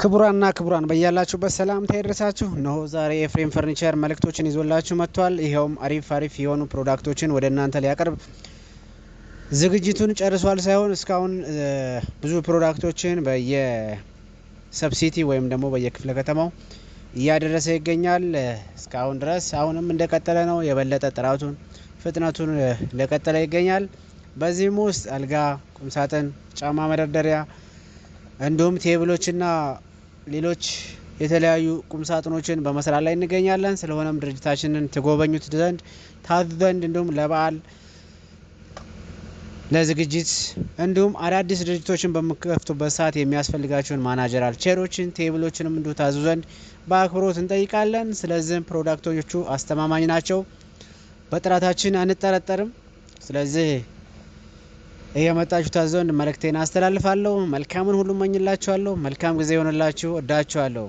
ክቡራና ክቡራን በያላችሁበት ሰላምታ ይድረሳችሁ። እነሆ ዛሬ የፍሬም ፈርኒቸር መልእክቶችን ይዞላችሁ መጥቷል። ይኸውም አሪፍ አሪፍ የሆኑ ፕሮዳክቶችን ወደ እናንተ ሊያቀርብ ዝግጅቱን ጨርሷል ሳይሆን እስካሁን ብዙ ፕሮዳክቶችን በየሰብሲቲ ወይም ደግሞ በየክፍለ ከተማው እያደረሰ ይገኛል እስካሁን ድረስ። አሁንም እንደቀጠለ ነው። የበለጠ ጥራቱን ፍጥነቱን እንደቀጠለ ይገኛል። በዚህም ውስጥ አልጋ፣ ቁምሳጥን፣ ጫማ መደርደሪያ እንዲሁም ቴብሎችና ሌሎች የተለያዩ ቁምሳጥኖችን በመስራት ላይ እንገኛለን። ስለሆነም ድርጅታችንን ትጎበኙት ዘንድ ታዙ ዘንድ እንዲሁም ለበዓል ለዝግጅት እንዲሁም አዳዲስ ድርጅቶችን በምከፍቱበት ሰዓት የሚያስፈልጋቸውን ማናጀራል ቼሮችን ቴብሎችንም እንዲሁ ታዙ ዘንድ በአክብሮት እንጠይቃለን። ስለዚህም ፕሮዳክቶቹ አስተማማኝ ናቸው፣ በጥራታችን አንጠረጠርም። ስለዚህ የመጣችሁ ታዘው መልእክቴን አስተላልፋለሁ። መልካምን ሁሉ መኝላችኋለሁ። መልካም ጊዜ ይሆንላችሁ። እዳችኋለሁ።